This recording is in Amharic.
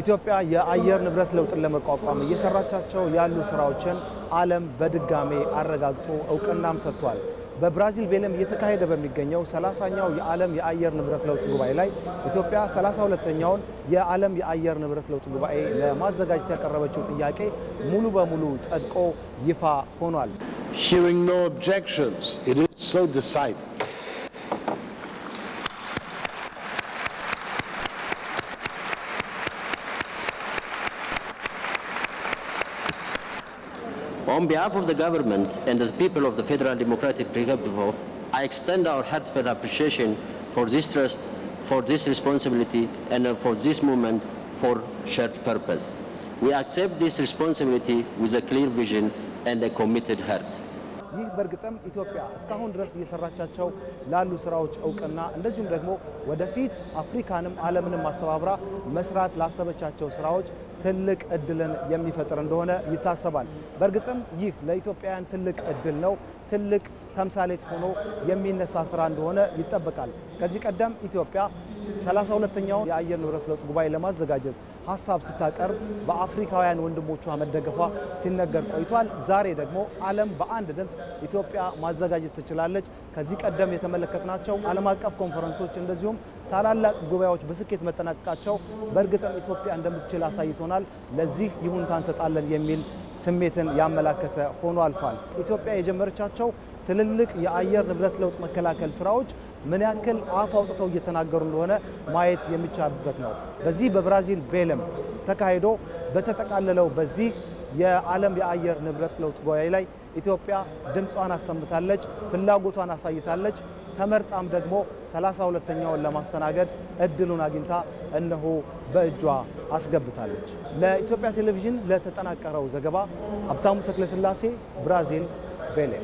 ኢትዮጵያ የአየር ንብረት ለውጥን ለመቋቋም እየሰራቻቸው ያሉ ስራዎችን ዓለም በድጋሜ አረጋግጦ እውቅናም ሰጥቷል። በብራዚል ቤለም እየተካሄደ በሚገኘው 30ኛው የዓለም የአየር ንብረት ለውጥ ጉባኤ ላይ ኢትዮጵያ 32ኛውን የዓለም የአየር ንብረት ለውጥ ጉባኤ ለማዘጋጀት ያቀረበችው ጥያቄ ሙሉ በሙሉ ጸድቆ ይፋ ሆኗል። On behalf of the government and the people of the Federal Democratic Republic of, I extend our heartfelt appreciation for this trust, for this responsibility, and for this moment for shared purpose. We accept this responsibility with a clear vision and a committed heart. ይህ በእርግጥም ኢትዮጵያ እስካሁን ድረስ እየሰራቻቸው ላሉ ስራዎች እውቅና እንደዚሁም ደግሞ ወደፊት አፍሪካንም ዓለምንም አስተባብራ መስራት ላሰበቻቸው ስራዎች ትልቅ እድልን የሚፈጥር እንደሆነ ይታሰባል። በእርግጥም ይህ ለኢትዮጵያውያን ትልቅ እድል ነው። ትልቅ ተምሳሌት ሆኖ የሚነሳ ስራ እንደሆነ ይጠበቃል። ከዚህ ቀደም ኢትዮጵያ ሰላሳ ሁለተኛውን የአየር ንብረት ለውጥ ጉባኤ ለማዘጋጀት ሀሳብ ስታቀርብ በአፍሪካውያን ወንድሞቿ መደገፏ ሲነገር ቆይቷል። ዛሬ ደግሞ ዓለም በአንድ ድምፅ ኢትዮጵያ ማዘጋጀት ትችላለች። ከዚህ ቀደም የተመለከትናቸው ዓለም አቀፍ ኮንፈረንሶች እንደዚሁም ታላላቅ ጉባኤዎች በስኬት መጠናቀቃቸው በእርግጥም ኢትዮጵያ እንደምትችል አሳይቶናል። ለዚህ ይሁንታ እንሰጣለን የሚል ስሜትን ያመላከተ ሆኖ አልፏል። ኢትዮጵያ የጀመረቻቸው ትልልቅ የአየር ንብረት ለውጥ መከላከል ስራዎች ምን ያክል አፍ አውጥተው እየተናገሩ እንደሆነ ማየት የሚቻልበት ነው። በዚህ በብራዚል ቤለም ተካሂዶ በተጠቃለለው በዚህ የዓለም የአየር ንብረት ለውጥ ጉባኤ ላይ ኢትዮጵያ ድምጿን አሰምታለች፣ ፍላጎቷን አሳይታለች። ተመርጣም ደግሞ 32ኛውን ለማስተናገድ እድሉን አግኝታ እነሆ በእጇ አስገብታለች። ለኢትዮጵያ ቴሌቪዥን ለተጠናቀረው ዘገባ ሀብታሙ ተክለስላሴ፣ ብራዚል ቤሌ